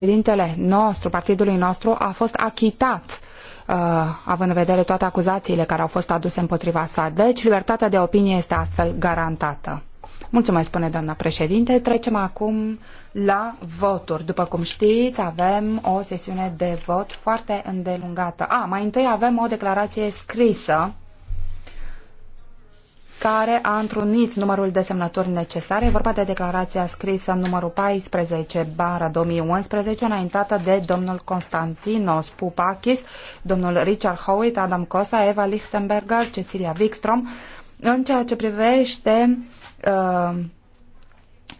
președintele nostru, partidului nostru, a fost achitat Uh, având în vedere toate acuzațiile care au fost aduse împotriva sa. Deci, libertatea de opinie este astfel garantată. Mulțumesc, spune doamna președinte. Trecem acum la voturi. După cum știți, avem o sesiune de vot foarte îndelungată. A, ah, mai întâi avem o declarație scrisă care a întrunit numărul de semnături necesare. E vorba de declarația scrisă în numărul 14 bară 2011, înaintată de domnul Constantinos Pupakis, domnul Richard Howitt, Adam Cosa, Eva Lichtenberger, Cecilia Wikstrom, în ceea ce privește uh,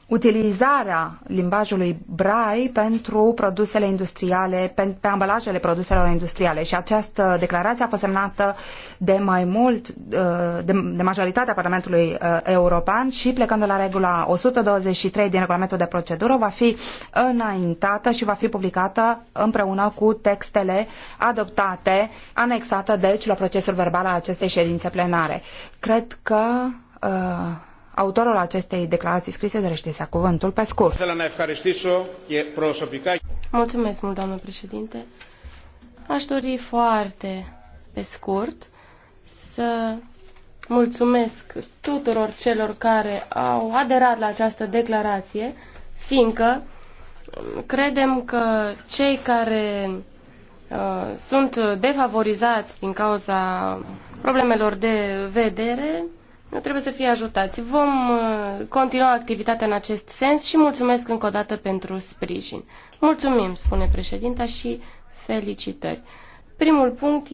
utilizarea limbajului brai pentru produsele industriale, pe, pe ambalajele produselor industriale și această declarație a fost semnată de mai mult, uh, de, de majoritatea Parlamentului uh, European și plecând de la regula 123 din regulamentul de procedură va fi înaintată și va fi publicată împreună cu textele adoptate, anexată deci la procesul verbal al acestei ședințe plenare. Cred că uh, Autorul acestei declarații scrise dorește să cuvântul pe scurt. Mulțumesc mult, doamnă președinte. Aș dori foarte pe scurt să mulțumesc tuturor celor care au aderat la această declarație, fiindcă credem că cei care uh, sunt defavorizați din cauza problemelor de vedere nu trebuie să fie ajutați. Vom uh, continua activitatea în acest sens și mulțumesc încă o dată pentru sprijin. Mulțumim, spune președinta, și felicitări. Primul punct